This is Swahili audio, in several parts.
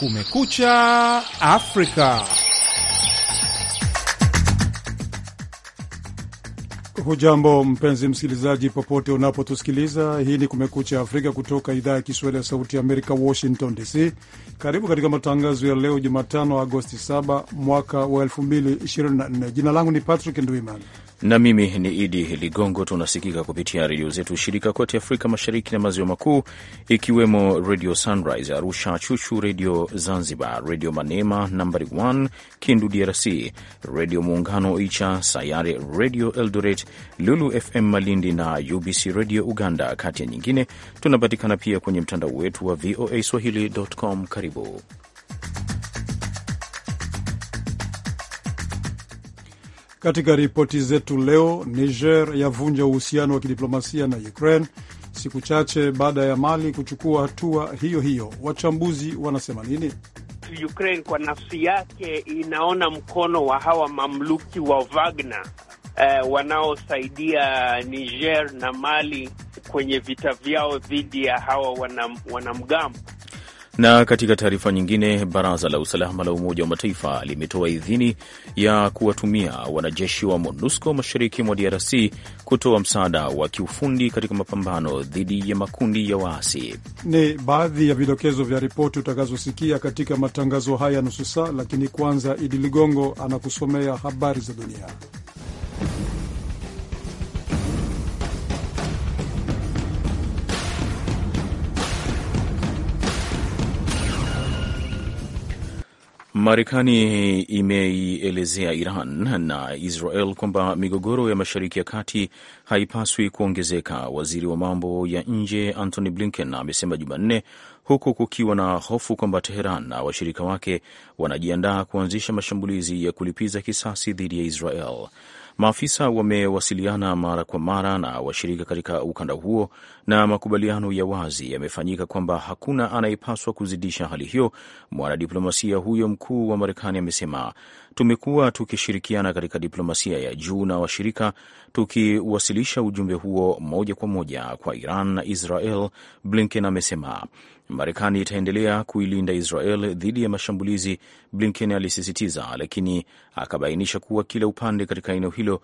Kumekucha Afrika. Hujambo mpenzi msikilizaji, popote unapotusikiliza. Hii ni Kumekucha Afrika kutoka idhaa ya Kiswahili ya Sauti ya Amerika, Washington DC. Karibu katika matangazo ya leo Jumatano, Agosti 7 mwaka wa 2024. Jina langu ni Patrick Ndwimana na mimi ni Idi Ligongo. Tunasikika kupitia redio zetu shirika kote Afrika Mashariki na Maziwa Makuu, ikiwemo Redio Sunrise Arusha, Chuchu Redio Zanzibar, Redio Manema nambari 1 Kindu DRC, Redio Muungano Icha, Sayare Redio Eldoret, Lulu FM Malindi na UBC Redio Uganda, kati ya nyingine. Tunapatikana pia kwenye mtandao wetu wa VOA Swahili.com. Karibu Katika ripoti zetu leo, Niger yavunja uhusiano wa kidiplomasia na Ukraine siku chache baada ya Mali kuchukua hatua hiyo hiyo. Wachambuzi wanasema nini? Ukraine kwa nafsi yake inaona mkono wa hawa mamluki wa Wagner eh, wanaosaidia Niger na Mali kwenye vita vyao dhidi ya hawa wanamgambo wana na katika taarifa nyingine, baraza la usalama la Umoja wa Mataifa limetoa idhini ya kuwatumia wanajeshi wa MONUSCO mashariki mwa DRC kutoa msaada wa kiufundi katika mapambano dhidi ya makundi ya waasi. Ni baadhi ya vidokezo vya ripoti utakazosikia katika matangazo haya nusu saa, lakini kwanza Idi Ligongo anakusomea habari za dunia. Marekani imeielezea Iran na Israel kwamba migogoro ya Mashariki ya Kati haipaswi kuongezeka, waziri wa mambo ya nje Antony Blinken amesema Jumanne, huku kukiwa na hofu kwamba Teheran na washirika wake wanajiandaa kuanzisha mashambulizi ya kulipiza kisasi dhidi ya Israel. Maafisa wamewasiliana mara kwa mara na washirika katika ukanda huo na makubaliano ya wazi yamefanyika kwamba hakuna anayepaswa kuzidisha hali hiyo. Mwanadiplomasia huyo mkuu wa Marekani amesema, tumekuwa tukishirikiana katika diplomasia ya juu na washirika, tukiwasilisha ujumbe huo moja kwa moja kwa Iran na Israel, Blinken amesema. Marekani itaendelea kuilinda Israel dhidi ya mashambulizi, Blinken alisisitiza, lakini akabainisha kuwa kila upande katika eneo hilo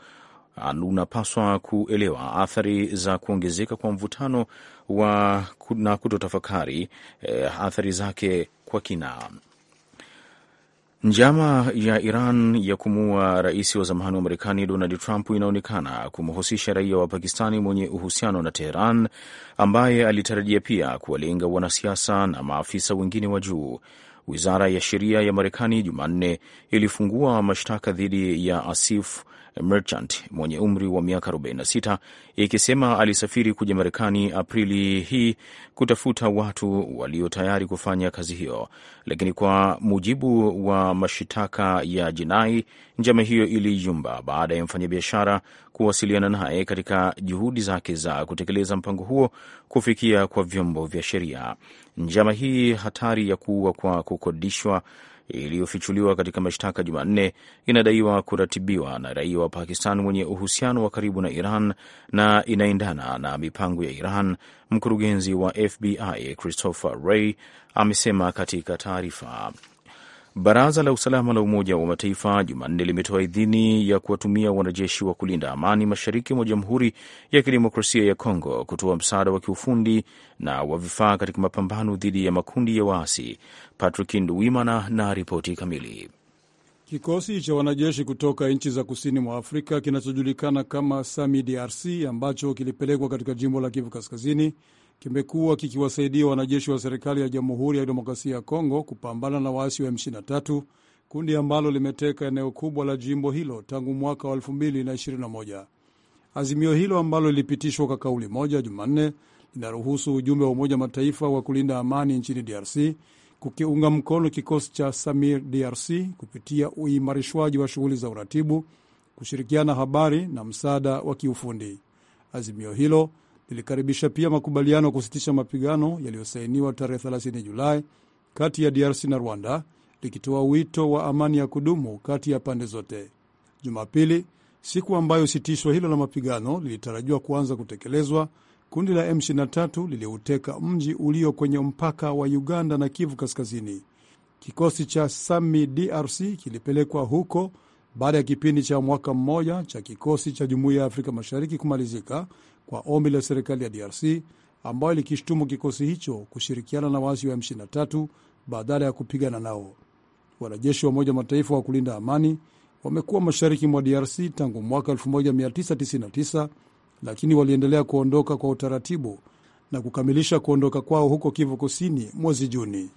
unapaswa kuelewa athari za kuongezeka kwa mvutano wa na kutotafakari eh, athari zake kwa kina. Njama ya Iran ya kumuua rais wa zamani wa Marekani Donald Trump inaonekana kumhusisha raia wa Pakistani mwenye uhusiano na Teheran, ambaye alitarajia pia kuwalenga wanasiasa na maafisa wengine wa juu. Wizara ya sheria ya Marekani Jumanne ilifungua mashtaka dhidi ya Asif Merchant mwenye umri wa miaka 46 ikisema alisafiri kuja Marekani Aprili hii kutafuta watu walio tayari kufanya kazi hiyo, lakini kwa mujibu wa mashitaka ya jinai, njama hiyo iliyumba baada ya mfanyabiashara kuwasiliana naye katika juhudi zake za kutekeleza mpango huo kufikia kwa vyombo vya sheria. Njama hii hatari ya kuua kwa kukodishwa iliyofichuliwa katika mashtaka Jumanne inadaiwa kuratibiwa na raia wa Pakistan mwenye uhusiano wa karibu na Iran na inaendana na mipango ya Iran. Mkurugenzi wa FBI Christopher Wray amesema katika taarifa. Baraza la Usalama la Umoja wa Mataifa Jumanne limetoa idhini ya kuwatumia wanajeshi wa kulinda amani mashariki mwa Jamhuri ya Kidemokrasia ya Kongo kutoa msaada wa kiufundi na wa vifaa katika mapambano dhidi ya makundi ya waasi. Patrick Nduwimana na ripoti kamili. Kikosi cha wanajeshi kutoka nchi za kusini mwa Afrika kinachojulikana kama SAMIDRC ambacho kilipelekwa katika jimbo la Kivu Kaskazini kimekuwa kikiwasaidia wanajeshi wa serikali ya Jamhuri ya demokrasia ya Kongo kupambana na waasi wa M23, kundi ambalo limeteka eneo kubwa la jimbo hilo tangu mwaka wa 2021. Azimio hilo ambalo lilipitishwa kwa kauli moja Jumanne linaruhusu ujumbe wa Umoja Mataifa wa kulinda amani nchini DRC kukiunga mkono kikosi cha Samir DRC kupitia uimarishwaji wa shughuli za uratibu, kushirikiana habari na msaada wa kiufundi. Azimio hilo lilikaribisha pia makubaliano ya kusitisha mapigano yaliyosainiwa tarehe 30 Julai kati ya DRC na Rwanda, likitoa wito wa amani ya kudumu kati ya pande zote. Jumapili, siku ambayo sitisho hilo la mapigano lilitarajiwa kuanza kutekelezwa, kundi la M23 liliuteka mji ulio kwenye mpaka wa Uganda na Kivu Kaskazini. Kikosi cha SAMI DRC kilipelekwa huko baada ya kipindi cha mwaka mmoja cha kikosi cha Jumuiya ya Afrika Mashariki kumalizika kwa ombi la serikali ya DRC ambayo ilikishtumu kikosi hicho kushirikiana na waasi wa M23 badala ya kupigana nao. Wanajeshi wa Umoja Mataifa wa kulinda amani wamekuwa mashariki mwa DRC tangu mwaka 1999 lakini waliendelea kuondoka kwa utaratibu na kukamilisha kuondoka kwao huko Kivu Kusini mwezi Juni.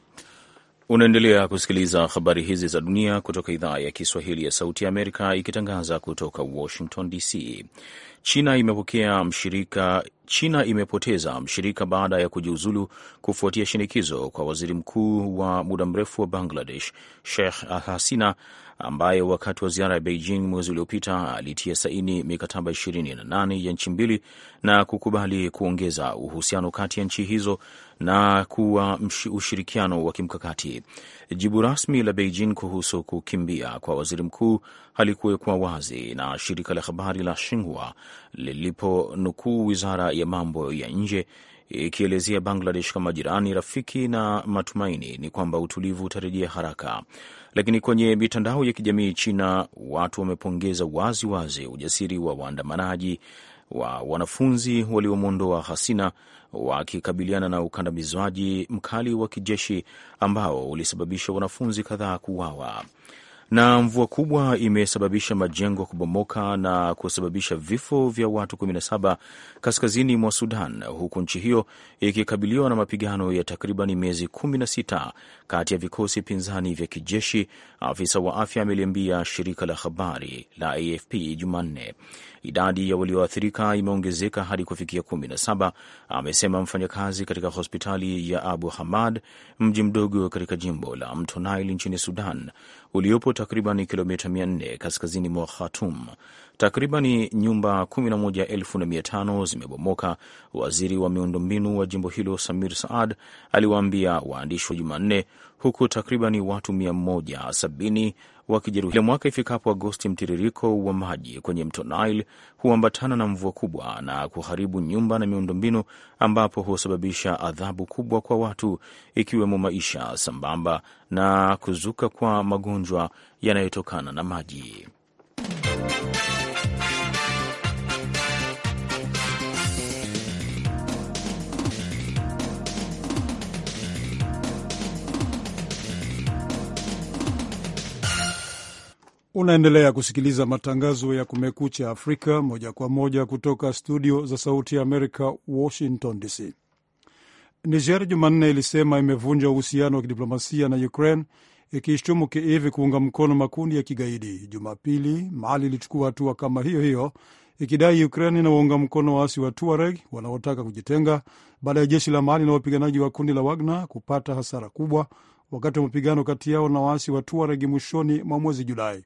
Unaendelea kusikiliza habari hizi za dunia kutoka idhaa ya Kiswahili ya Sauti ya Amerika ikitangaza kutoka Washington DC. China imepokea mshirika China imepoteza mshirika baada ya kujiuzulu kufuatia shinikizo kwa waziri mkuu wa muda mrefu wa Bangladesh Sheikh Hasina, ambaye wakati wa ziara ya Beijing mwezi uliopita alitia saini mikataba 28 ya nchi mbili na kukubali kuongeza uhusiano kati ya nchi hizo na kuwa ushirikiano wa kimkakati. Jibu rasmi la Beijing kuhusu kukimbia kwa waziri mkuu halikuwekwa wazi na shirika la habari la Xinhua liliponukuu wizara ya mambo ya nje ikielezea Bangladesh kama jirani rafiki na matumaini ni kwamba utulivu utarejea haraka. Lakini kwenye mitandao ya kijamii China, watu wamepongeza waziwazi ujasiri wa waandamanaji wa wanafunzi waliomwondoa Hasina wakikabiliana na ukandamizwaji mkali wa kijeshi ambao ulisababisha wanafunzi kadhaa kuuawa. Na mvua kubwa imesababisha majengo kubomoka na kusababisha vifo vya watu 17 kaskazini mwa Sudan, huku nchi hiyo ikikabiliwa na mapigano ya takriban miezi 16 kati ya vikosi pinzani vya kijeshi, afisa wa afya ameliambia shirika la habari la AFP Jumanne. Idadi ya walioathirika imeongezeka hadi kufikia 17, amesema mfanyakazi katika hospitali ya Abu Hamad, mji mdogo katika jimbo la Mto Nile nchini Sudan uliopo takriban kilomita 400 kaskazini mwa Khartoum. Takribani nyumba 11,500 zimebomoka. Waziri wa miundombinu wa jimbo hilo Samir Saad aliwaambia waandishi wa Jumanne, huku takribani watu 170 wakijeruhi. Kila mwaka ifikapo Agosti, mtiririko wa maji kwenye mto Nile huambatana na mvua kubwa na kuharibu nyumba na miundombinu, ambapo husababisha adhabu kubwa kwa watu, ikiwemo maisha, sambamba na kuzuka kwa magonjwa yanayotokana na maji. Unaendelea kusikiliza matangazo ya Kumekucha Afrika moja kwa moja kutoka studio za Sauti ya Amerika, Washington DC. Niger Jumanne ilisema imevunja uhusiano wa kidiplomasia na Ukraine, ikishtumu Kiev kuunga mkono makundi ya kigaidi. Jumapili, Mali ilichukua hatua kama hiyo hiyo, ikidai Ukraine inawaunga mkono waasi wa Tuareg wanaotaka kujitenga baada ya jeshi la Mali na wapiganaji wa kundi la Wagner kupata hasara kubwa wakati wa mapigano kati yao na waasi wa Tuareg mwishoni mwa mwezi Julai.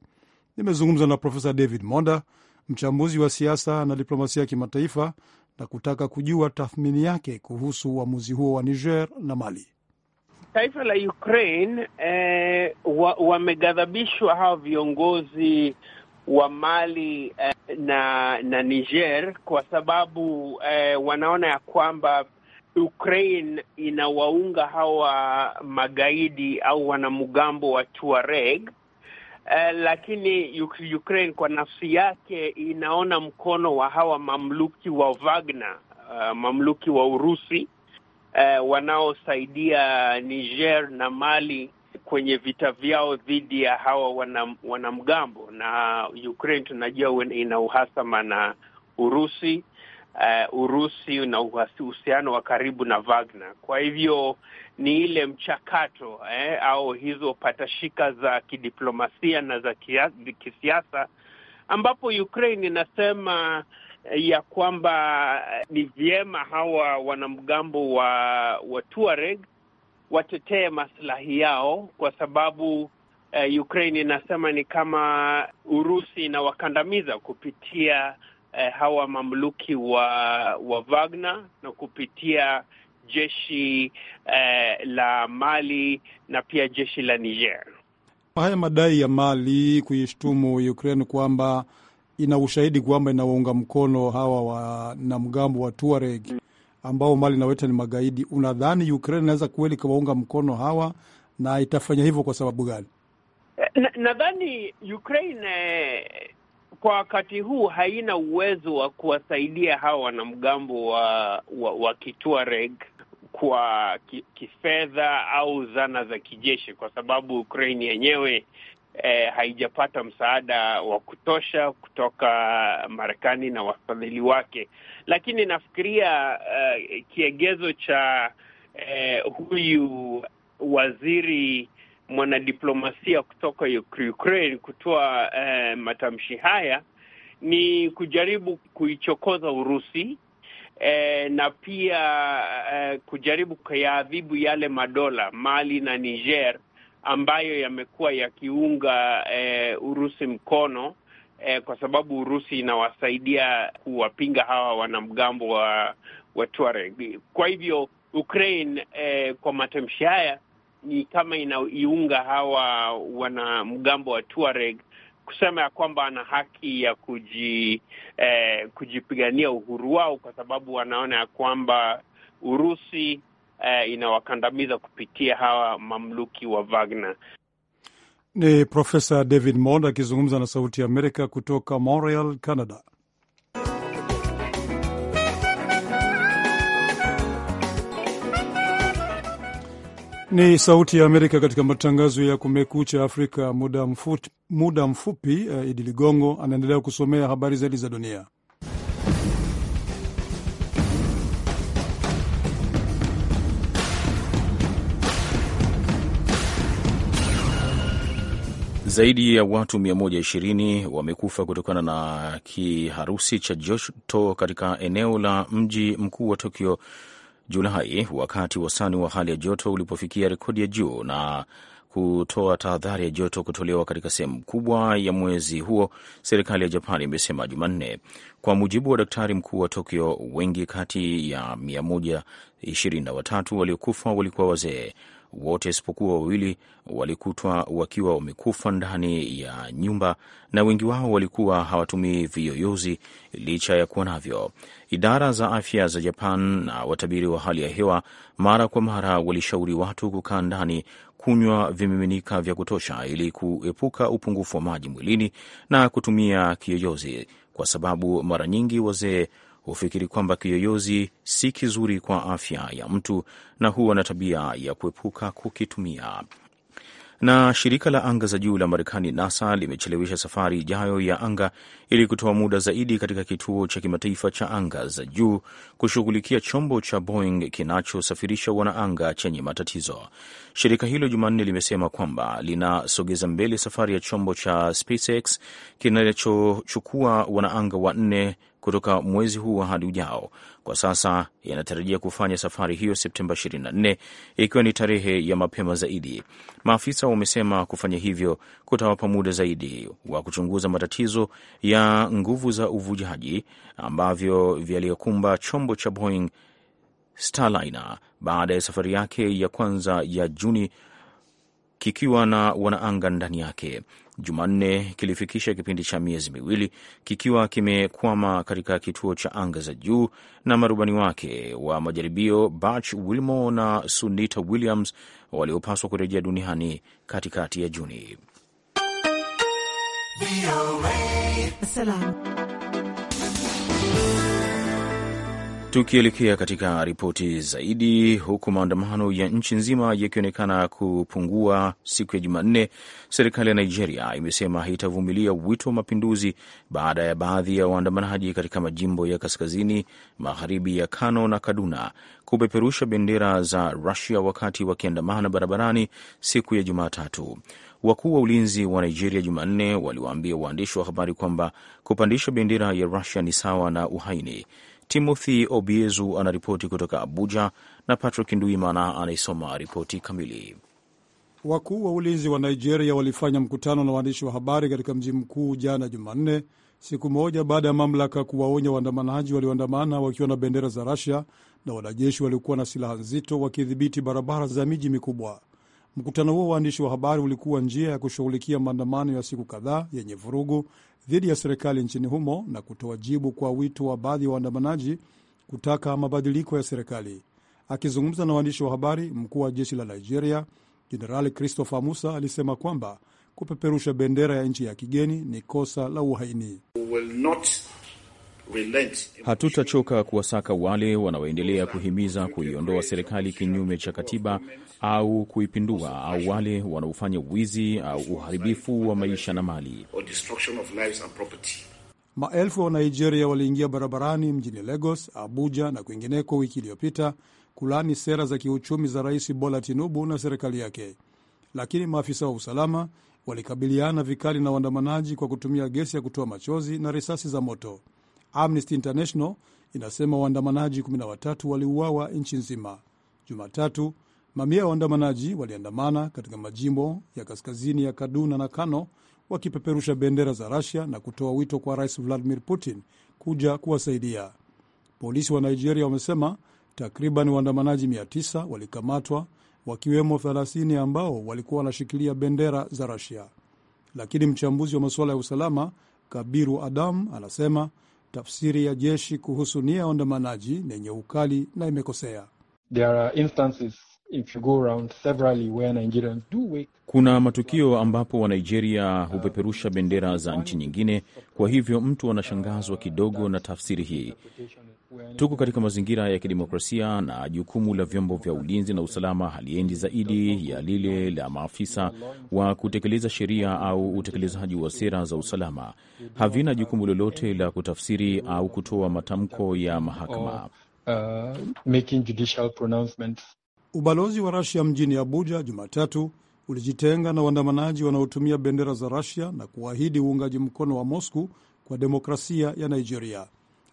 Nimezungumza na Profesa David Monda, mchambuzi wa siasa na diplomasia ya kimataifa, na kutaka kujua tathmini yake kuhusu uamuzi huo wa Niger na Mali. Taifa la Ukraine eh, wameghadhabishwa wa hawa viongozi wa Mali eh, na na Niger kwa sababu eh, wanaona ya kwamba Ukraine inawaunga hawa magaidi au wanamgambo wa Tuareg Eh, lakini Ukraine kwa nafsi yake inaona mkono wa hawa mamluki wa Wagner, uh, mamluki wa Urusi uh, wanaosaidia Niger na Mali kwenye vita vyao dhidi ya hawa wanam, wanamgambo na Ukraine tunajua ina uhasama na Urusi. Uh, Urusi na uhusiano wa karibu na Wagner. Kwa hivyo ni ile mchakato eh, au hizo patashika za kidiplomasia na za kisiasa ambapo Ukraine inasema eh, ya kwamba eh, ni vyema hawa wanamgambo wa, wa Tuareg watetee maslahi yao kwa sababu uh, Ukraine inasema ni kama Urusi inawakandamiza kupitia uh, hawa mamluki wa wa Wagner na kupitia jeshi eh, la Mali na pia jeshi la Niger. Haya madai ya Mali kuishtumu Ukraine kwamba ina ushahidi kwamba inawaunga mkono hawa wanamgambo wa Tuareg ambao Mali inaweta ni magaidi, unadhani Ukraine inaweza kweli kuwaunga mkono hawa na itafanya hivyo kwa sababu gani? Eh, nadhani na Ukraine eh, kwa wakati huu haina uwezo wa kuwasaidia hawa wanamgambo wa, wa, wa Kituareg kwa kifedha au zana za kijeshi, kwa sababu ukrain yenyewe eh, haijapata msaada wa kutosha kutoka Marekani na wafadhili wake, lakini nafikiria uh, kiegezo cha eh, huyu waziri mwanadiplomasia kutoka Ukraine kutoa eh, matamshi haya ni kujaribu kuichokoza Urusi eh, na pia eh, kujaribu kuyaadhibu yale madola Mali na Niger ambayo yamekuwa yakiunga eh, Urusi mkono eh, kwa sababu Urusi inawasaidia kuwapinga hawa wanamgambo wa, wa Tuareg. Kwa hivyo Ukraine eh, kwa matamshi haya ni kama inaiunga hawa wanamgambo wa Tuareg kusema ya kwamba ana haki ya kuji, eh, kujipigania uhuru wao kwa sababu wanaona ya kwamba Urusi eh, inawakandamiza kupitia hawa mamluki wa Wagner. Ni Profesa David Mond akizungumza na Sauti ya Amerika kutoka Montreal, Canada. Ni Sauti ya Amerika katika matangazo ya Kumekucha Afrika. Muda mfupi, muda mfupi uh, Idi Ligongo anaendelea kusomea habari zaidi za dunia. Zaidi ya watu 120 wamekufa kutokana na kiharusi cha joto katika eneo la mji mkuu wa Tokyo Julai wakati wastani wa hali ya joto ulipofikia rekodi ya juu na kutoa tahadhari ya joto kutolewa katika sehemu kubwa ya mwezi huo, serikali ya Japan imesema Jumanne. Kwa mujibu wa daktari mkuu wa Tokyo, wengi kati ya 123 waliokufa walikuwa wazee. Wote isipokuwa wawili walikutwa wakiwa wamekufa ndani ya nyumba, na wengi wao walikuwa hawatumii viyoyozi licha ya kuwa navyo. Idara za afya za Japan na watabiri wa hali ya hewa mara kwa mara walishauri watu kukaa ndani, kunywa vimiminika vya kutosha ili kuepuka upungufu wa maji mwilini na kutumia kiyoyozi, kwa sababu mara nyingi wazee hufikiri kwamba kiyoyozi si kizuri kwa afya ya mtu na huwa na tabia ya kuepuka kukitumia. Na shirika la anga za juu la Marekani, NASA, limechelewesha safari ijayo ya anga ili kutoa muda zaidi katika kituo cha kimataifa cha anga za juu kushughulikia chombo cha Boeing kinachosafirisha wanaanga chenye matatizo. Shirika hilo Jumanne limesema kwamba linasogeza mbele safari ya chombo cha SpaceX kinachochukua wanaanga wanne kutoka mwezi huu hadi ujao. Kwa sasa yanatarajia kufanya safari hiyo Septemba 24 ikiwa ni tarehe ya mapema zaidi. Maafisa wamesema kufanya hivyo kutawapa muda zaidi wa kuchunguza matatizo ya nguvu za uvujaji ambavyo vyaliyokumba chombo cha Boeing Starliner baada ya safari yake ya kwanza ya Juni kikiwa na wanaanga ndani yake. Jumanne kilifikisha kipindi cha miezi miwili kikiwa kimekwama katika kituo cha anga za juu, na marubani wake wa majaribio Butch Wilmore na Sunita Williams waliopaswa kurejea duniani katikati ya Juni. Salam. Tukielekea katika ripoti zaidi, huku maandamano ya nchi nzima yakionekana kupungua siku ya Jumanne, serikali ya Nigeria imesema itavumilia wito wa mapinduzi baada ya baadhi ya waandamanaji katika majimbo ya kaskazini magharibi ya Kano na Kaduna kupeperusha bendera za Rusia wakati wakiandamana barabarani siku ya Jumatatu. Wakuu wa ulinzi wa Nigeria Jumanne waliwaambia waandishi wa habari kwamba kupandisha bendera ya Rusia ni sawa na uhaini. Timothy Obiezu anaripoti kutoka Abuja na Patrick Nduimana anaisoma ripoti kamili. Wakuu wa ulinzi wa Nigeria walifanya mkutano na waandishi wa habari katika mji mkuu jana Jumanne, siku moja baada ya mamlaka kuwaonya waandamanaji walioandamana wakiwa na bendera za rasia na wanajeshi waliokuwa na silaha nzito wakidhibiti barabara za miji mikubwa. Mkutano huo waandishi wa habari ulikuwa njia ya kushughulikia maandamano ya siku kadhaa yenye vurugu dhidi ya serikali nchini humo na kutoa jibu kwa wito wa baadhi ya wa waandamanaji kutaka mabadiliko ya serikali. Akizungumza na waandishi wa habari, mkuu wa jeshi la Nigeria Jenerali Christopher Musa alisema kwamba kupeperusha bendera ya nchi ya kigeni ni kosa la uhaini. We will not Hatutachoka kuwasaka wale wanaoendelea kuhimiza kuiondoa serikali kinyume cha katiba au kuipindua au wale wanaofanya wizi au uharibifu wa maisha na mali. Maelfu ya Wanigeria waliingia barabarani mjini Lagos, Abuja na kwingineko wiki iliyopita kulani sera za kiuchumi za Rais Bola Tinubu na serikali yake, lakini maafisa wa usalama walikabiliana vikali na waandamanaji kwa kutumia gesi ya kutoa machozi na risasi za moto. Amnesty International inasema waandamanaji 13 waliuawa nchi nzima. Jumatatu, mamia ya waandamanaji waliandamana katika majimbo ya kaskazini ya Kaduna na Kano wakipeperusha bendera za rasia na kutoa wito kwa Rais Vladimir Putin kuja kuwasaidia. Polisi wa Nigeria wamesema takriban waandamanaji 900 walikamatwa wakiwemo 30 ambao walikuwa wanashikilia bendera za rasia Lakini mchambuzi wa masuala ya usalama Kabiru Adam anasema tafsiri ya jeshi kuhusu nia ya waandamanaji yenye ukali na imekosea. There are instances if you go around severally where Nigerians do wake. Kuna matukio ambapo Wanigeria hupeperusha bendera za nchi nyingine, kwa hivyo mtu anashangazwa kidogo na tafsiri hii. Tuko katika mazingira ya kidemokrasia na jukumu la vyombo vya ulinzi na usalama haliendi zaidi ya lile la maafisa wa kutekeleza sheria au utekelezaji wa sera za usalama. Havina jukumu lolote la kutafsiri au kutoa matamko ya mahakama. Uh, Ubalozi wa Rasia mjini Abuja Jumatatu ulijitenga na waandamanaji wanaotumia bendera za Rasia na kuahidi uungaji mkono wa mosku kwa demokrasia ya Nigeria,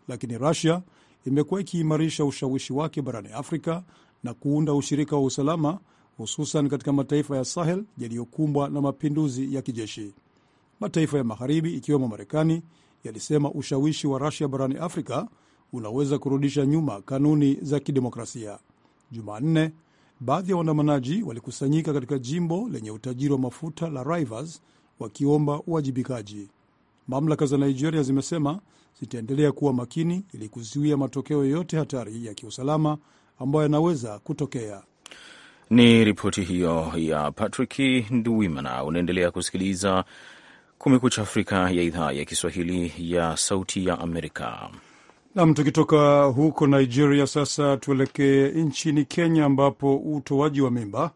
lakini Rasia imekuwa ikiimarisha ushawishi wake barani Afrika na kuunda ushirika wa usalama hususan katika mataifa ya Sahel yaliyokumbwa na mapinduzi ya kijeshi. Mataifa ya magharibi ikiwemo Marekani yalisema ushawishi wa Rusia barani Afrika unaweza kurudisha nyuma kanuni za kidemokrasia. Jumanne, baadhi ya waandamanaji walikusanyika katika jimbo lenye utajiri wa mafuta la Rivers wakiomba uwajibikaji. Mamlaka za Nigeria zimesema zitaendelea kuwa makini ili kuzuia matokeo yoyote hatari ya kiusalama ambayo yanaweza kutokea. Ni ripoti hiyo ya Patrick Nduwimana. Unaendelea kusikiliza Kumekucha Afrika ya idhaa ya Kiswahili ya Sauti ya Amerika. Nam, tukitoka huko Nigeria sasa tuelekee nchini Kenya, ambapo utoaji wa mimba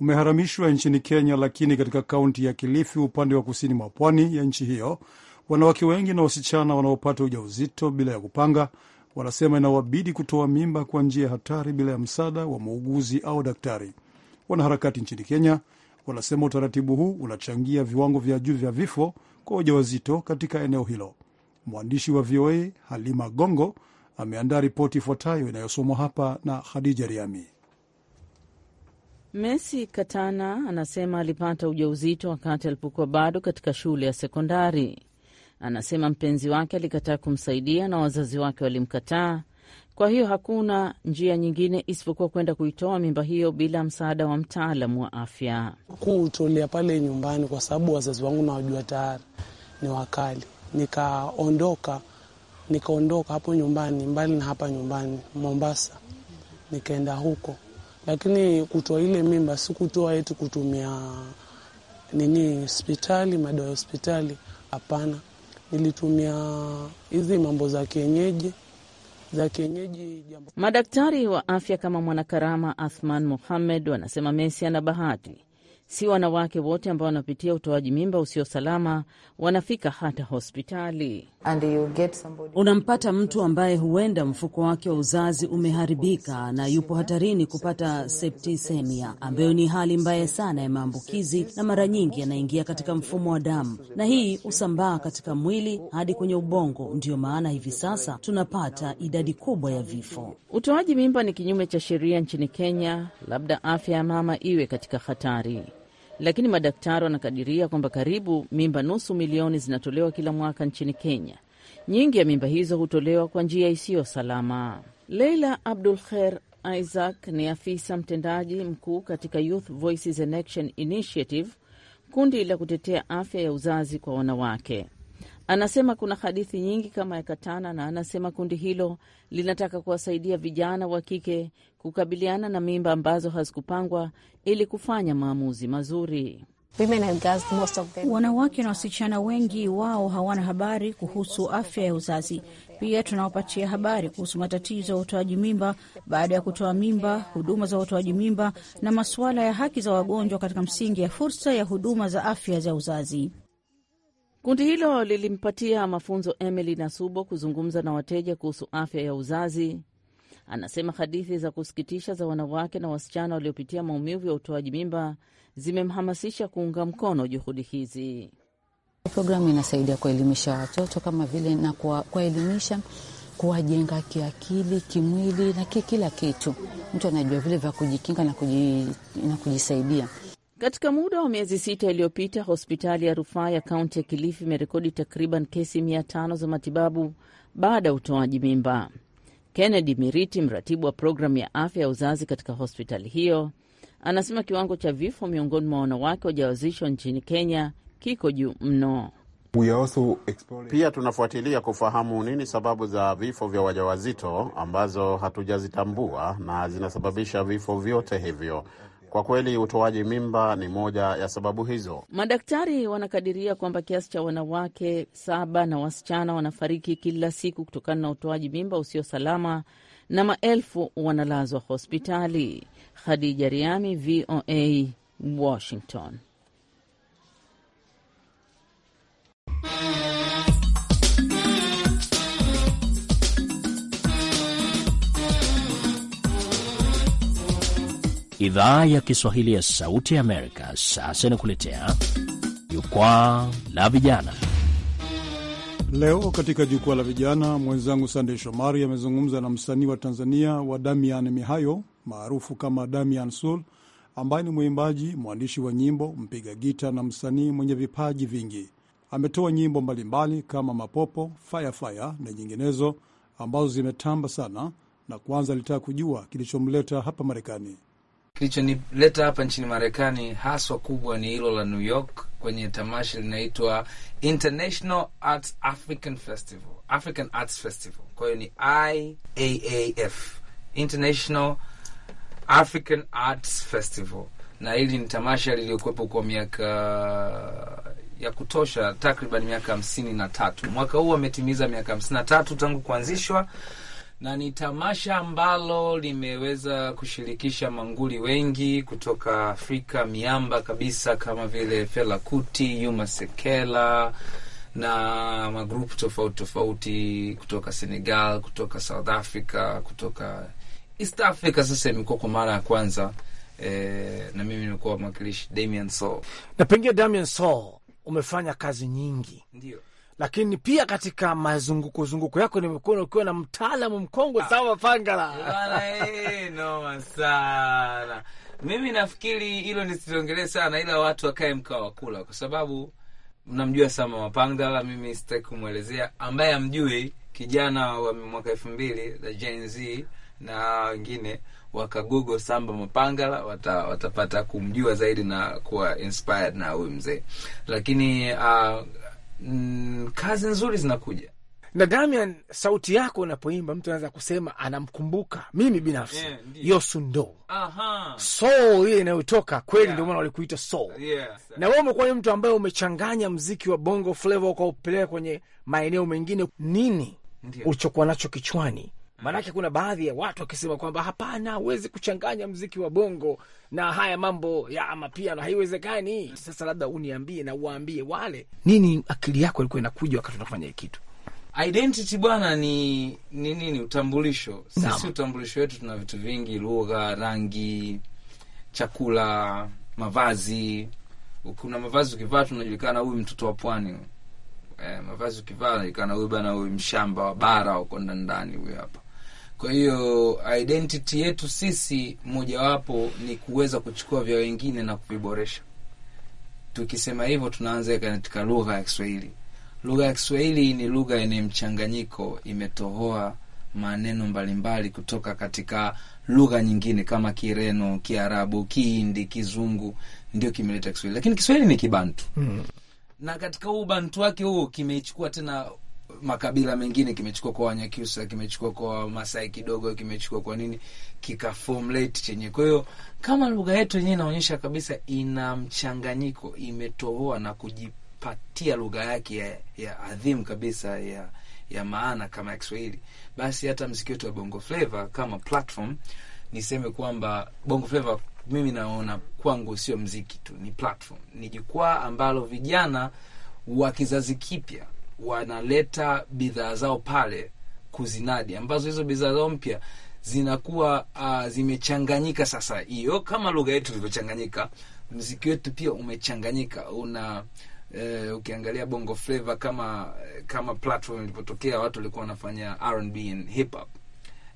umeharamishwa nchini Kenya, lakini katika kaunti ya Kilifi upande wa kusini mwa pwani ya nchi hiyo Wanawake wengi na wasichana wanaopata ujauzito bila ya kupanga wanasema inawabidi kutoa mimba kwa njia ya hatari bila ya msaada wa muuguzi au daktari. Wanaharakati nchini Kenya wanasema utaratibu huu unachangia viwango vya juu vya vifo kwa ujauzito katika eneo hilo. Mwandishi wa VOA Halima Gongo ameandaa ripoti ifuatayo inayosomwa hapa na Khadija Riami. Messi Katana anasema alipata ujauzito wakati alipokuwa bado katika shule ya sekondari. Anasema mpenzi wake alikataa kumsaidia na wazazi wake walimkataa, kwa hiyo hakuna njia nyingine isipokuwa kwenda kuitoa mimba hiyo bila msaada wa mtaalamu wa afya. kutolia pale nyumbani, kwa sababu wazazi wangu nawajua tayari ni wakali, nikaondoka nikaondoka hapo nyumbani, mbali na hapa nyumbani Mombasa, nikaenda huko. Lakini kutoa ile mimba si kutoa eti kutumia nini hospitali, madawa ya hospitali, hapana nilitumia hizi mambo za kienyeji za kienyeji jambo. Madaktari wa afya kama mwanakarama Athman muhammed wanasema Messi ana bahati si wanawake wote ambao wanapitia utoaji mimba usio salama wanafika hata hospitali. Unampata mtu ambaye huenda mfuko wake wa uzazi umeharibika na yupo hatarini kupata septisemia, ambayo ni hali mbaya sana ya maambukizi, na mara nyingi yanaingia katika mfumo wa damu, na hii husambaa katika mwili hadi kwenye ubongo. Ndiyo maana hivi sasa tunapata idadi kubwa ya vifo. Utoaji mimba ni kinyume cha sheria nchini Kenya, labda afya ya mama iwe katika hatari lakini madaktari wanakadiria kwamba karibu mimba nusu milioni zinatolewa kila mwaka nchini Kenya. Nyingi ya mimba hizo hutolewa kwa njia isiyo salama. Leila Abdul Kher Isaac ni afisa mtendaji mkuu katika Youth Voices and Action Initiative, kundi la kutetea afya ya uzazi kwa wanawake. Anasema kuna hadithi nyingi kama ya Katana, na anasema kundi hilo linataka kuwasaidia vijana wa kike kukabiliana na mimba ambazo hazikupangwa ili kufanya maamuzi mazuri. Wanawake na wasichana wengi wao hawana habari kuhusu afya ya uzazi. Pia tunawapatia habari kuhusu matatizo ya utoaji mimba baada ya kutoa mimba, huduma za utoaji mimba na masuala ya haki za wagonjwa katika msingi ya fursa ya huduma za afya za uzazi. Kundi hilo lilimpatia mafunzo Emily Nasubo kuzungumza na wateja kuhusu afya ya uzazi. Anasema hadithi za kusikitisha za wanawake na wasichana waliopitia maumivu ya utoaji mimba zimemhamasisha kuunga mkono juhudi hizi. Programu inasaidia kuelimisha watoto kama vile na kuwaelimisha kuwajenga kiakili, kimwili na kila kitu. Mtu anajua vile vya kujikinga na, kuji, na kujisaidia katika muda wa miezi sita iliyopita hospitali ya rufaa ya kaunti ya Kilifi imerekodi takriban kesi mia tano za matibabu baada ya utoaji mimba. Kennedy Miriti, mratibu wa programu ya afya ya uzazi katika hospitali hiyo, anasema kiwango cha vifo miongoni mwa wanawake wajawazishwa nchini Kenya kiko juu mno. Pia tunafuatilia kufahamu nini sababu za vifo vya wajawazito ambazo hatujazitambua na zinasababisha vifo vyote hivyo. Kwa kweli utoaji mimba ni moja ya sababu hizo. Madaktari wanakadiria kwamba kiasi cha wanawake saba na wasichana wanafariki kila siku kutokana na utoaji mimba usio salama na maelfu wanalazwa hospitali. Khadija Riami, VOA, Washington. Idhaa ya Kiswahili ya Sauti ya Amerika sasa inakuletea jukwaa la vijana. Leo katika jukwaa la vijana, mwenzangu Sandey Shomari amezungumza na msanii wa Tanzania wa Damian Mihayo maarufu kama Damian Soul, ambaye ni mwimbaji, mwandishi wa nyimbo, mpiga gita na msanii mwenye vipaji vingi. Ametoa nyimbo mbalimbali kama Mapopo, Firefire na nyinginezo ambazo zimetamba sana, na kwanza alitaka kujua kilichomleta hapa Marekani. Kilichonileta hapa nchini Marekani haswa kubwa ni hilo la New York kwenye tamasha linaitwa International Arts African Festival, African Arts Festival. Kwa hiyo ni IAAF, International African Arts Festival, na hili ni tamasha lililokuwepo kwa miaka ya kutosha, takriban miaka hamsini na tatu. Mwaka huu ametimiza miaka hamsini na tatu tangu kuanzishwa na ni tamasha ambalo limeweza kushirikisha manguli wengi kutoka Afrika miamba kabisa kama vile Fela Kuti, Yuma Sekela na magrupu tofauti tofauti kutoka Senegal, kutoka South Africa, kutoka East Africa. Sasa imekuwa kwa mara ya kwanza eh, na mimi nimekuwa mwakilishi Damian Soul. Na pengine Damian Soul, umefanya kazi nyingi, ndio lakini pia katika mazunguko zunguko yako nimekuona ukiwa na mtaalamu mkongwe ah. sawa Pangala. Noma sana. Eh, mimi nafikiri hilo nisiliongelee sana, ila watu wakae mkaa wakula, kwa sababu mnamjua Sama Mapangala, mimi sitaki kumwelezea. Ambaye amjui kijana wa mwaka elfu mbili a Gen Z na wengine wakagugo Samba Mapangala wata, watapata kumjua zaidi na kuwa inspired na huyu mzee, lakini uh, Mm, kazi nzuri zinakuja na Damian, sauti yako unapoimba, mtu anaweza kusema anamkumbuka. Mimi binafsi yeah, ndo soul ile inayotoka kweli, yeah. Ndio maana walikuita soul yeah. Na we umekuwa ni mtu ambaye umechanganya mziki wa bongo flava ukaupeleka kwenye maeneo mengine. Nini ulichokuwa nacho kichwani Maanake kuna baadhi ya watu wakisema kwamba hapana, huwezi kuchanganya mziki wa bongo na haya mambo ya mapiano, haiwezekani. Sasa labda uniambie na uwaambie wale, nini akili yako ilikuwa inakuja wakati unafanya hii kitu? Identity bwana, ni nini? ni nini? Utambulisho. Sisi utambulisho wetu tuna vitu vingi: lugha, rangi, chakula, mavazi. Kuna mavazi ukivaa tunajulikana, huyu mtoto wa pwani eh, mavazi ukivaa najulikana, huyu bana, huyu mshamba wa bara, uko ndani huyu hapa kwa hiyo identity yetu sisi mojawapo ni kuweza kuchukua vya wengine na kuviboresha. Tukisema hivyo, tunaanza katika lugha ya Kiswahili. Lugha ya Kiswahili ni lugha yenye mchanganyiko, imetohoa maneno mbalimbali kutoka katika lugha nyingine kama Kireno, Kiarabu, Kihindi, Kizungu, ndio kimeleta Kiswahili, lakini Kiswahili ni Kibantu mm. na katika huu ubantu wake huo kimeichukua tena makabila mengine, kimechukua kwa Wanyakyusa, kimechukua kwa Masai kidogo, kimechukua kwa nini, kikaformulate chenye. Kwa hiyo kama lugha yetu yenyewe inaonyesha kabisa ina mchanganyiko, imetohoa na kujipatia lugha yake ya, ya adhimu kabisa ya ya maana kama ya Kiswahili, basi hata mziki wetu wa Bongo Flava kama platform, niseme kwamba Bongo Flava mimi naona kwangu sio mziki tu, ni platform, ni jukwaa ambalo vijana wa kizazi kipya wanaleta bidhaa zao pale kuzinadi, ambazo hizo bidhaa zao mpya zinakuwa uh, zimechanganyika. Sasa hiyo kama lugha yetu ilivyochanganyika, mziki wetu pia umechanganyika una Uh, ukiangalia Bongo Flava kama kama platform ilipotokea, watu walikuwa wanafanya R&B and hip hop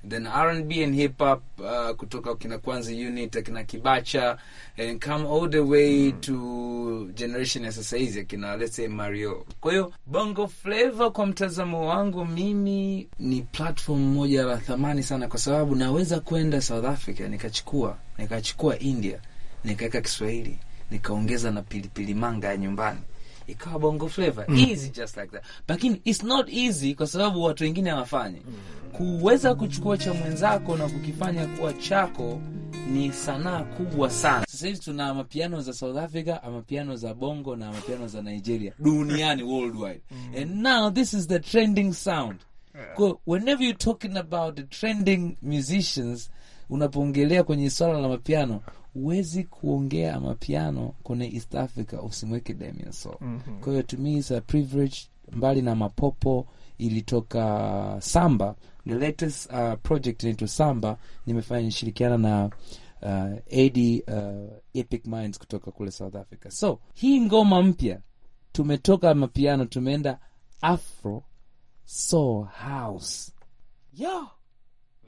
then R&B and hip hop uh, kutoka kina kwanza unit akina Kibacha and come all the way mm. to generation ya sasa hizi akina let's say Mario. Kwa hiyo Bongo Flava kwa mtazamo wangu mimi ni platform moja la thamani sana, kwa sababu naweza kwenda South Africa nikachukua nikachukua India nikaweka Kiswahili nikaongeza na pilipili manga ya nyumbani ikawa bongo flava mm. easy just like that, lakini it's not easy kwa sababu watu wengine hawafanyi. Mm. Kuweza kuchukua cha mwenzako na kukifanya kuwa chako ni sanaa kubwa sana. Sasa hivi tuna mapiano za South Africa, amapiano za bongo na mapiano za Nigeria duniani worldwide mm. and now this is the trending sound yeah. whenever you're talking about the trending musicians, unapoongelea kwenye swala la mapiano huwezi kuongea amapiano kone East Africa usimweke Damien mm -hmm. Kwa hiyo to me is a privilege, mbali na mapopo ilitoka Samba, the latest uh, project inaitwa Samba, nimefanya nishirikiana na uh, AD uh, Epic Minds kutoka kule South Africa. So hii ngoma mpya tumetoka mapiano tumeenda afro so house yo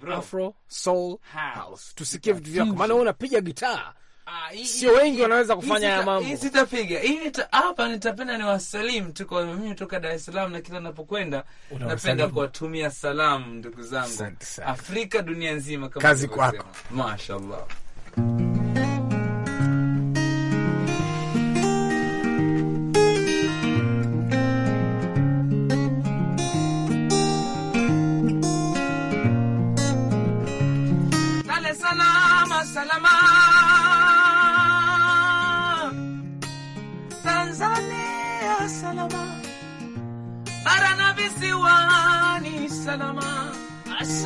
Afro Soul House. Tusikie vitu vyako, maana wewe unapiga gitaa. Ah, sio wengi wanaweza kufanya haya mambo. Hii sitapiga. Hii nita hapa nitapenda ni wasalim tu kwa mimi toka Dar es Salaam na kila ninapokwenda napenda kuwatumia salamu ndugu zangu Afrika, dunia nzima kama kazi kwako. Mashaallah.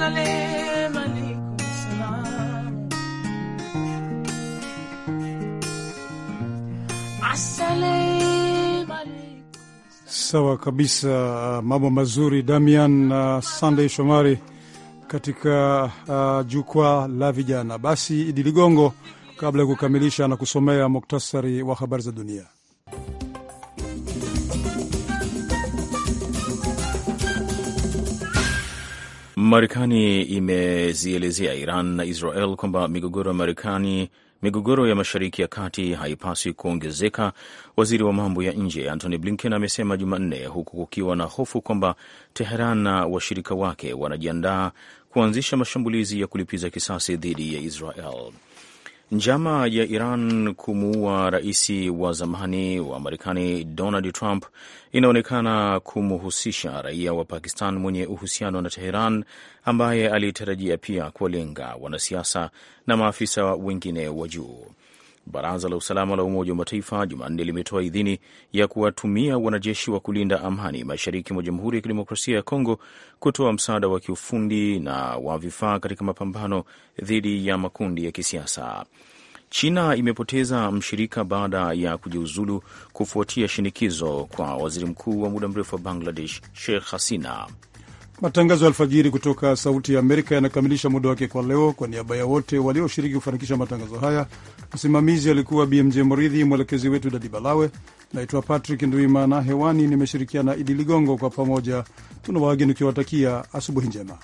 alaikum salam. alaikum. Sawa kabisa, uh, mambo mazuri Damian na uh, Sunday Shomari katika uh, jukwaa la vijana. Basi Idi Ligongo, kabla ya kukamilisha na kusomea muktasari wa habari za dunia. Marekani imezielezea Iran na Israel kwamba migogoro ya Marekani migogoro ya Mashariki ya Kati haipaswi kuongezeka, waziri wa mambo ya nje Antony Blinken amesema Jumanne, huku kukiwa na hofu kwamba Teheran na washirika wake wanajiandaa kuanzisha mashambulizi ya kulipiza kisasi dhidi ya Israel. Njama ya Iran kumuua rais wa zamani wa Marekani Donald Trump inaonekana kumhusisha raia wa Pakistan mwenye uhusiano na Teheran ambaye alitarajia pia kuwalenga wanasiasa na maafisa wengine wa juu. Baraza la Usalama la Umoja wa Mataifa Jumanne limetoa idhini ya kuwatumia wanajeshi wa kulinda amani mashariki mwa Jamhuri ya Kidemokrasia ya Kongo kutoa msaada wa kiufundi na wa vifaa katika mapambano dhidi ya makundi ya kisiasa. China imepoteza mshirika baada ya kujiuzulu kufuatia shinikizo kwa waziri mkuu wa muda mrefu wa Bangladesh Sheikh Hasina. Matangazo ya alfajiri kutoka Sauti ya Amerika yanakamilisha muda wake kwa leo. Kwa niaba ya wote walioshiriki kufanikisha matangazo haya, msimamizi alikuwa BMJ mridhi mwelekezi wetu Dadi Balawe. Naitwa Patrick Nduimana, hewani nimeshirikiana Idi Ligongo. Kwa pamoja tuna waageni ukiwatakia asubuhi njema.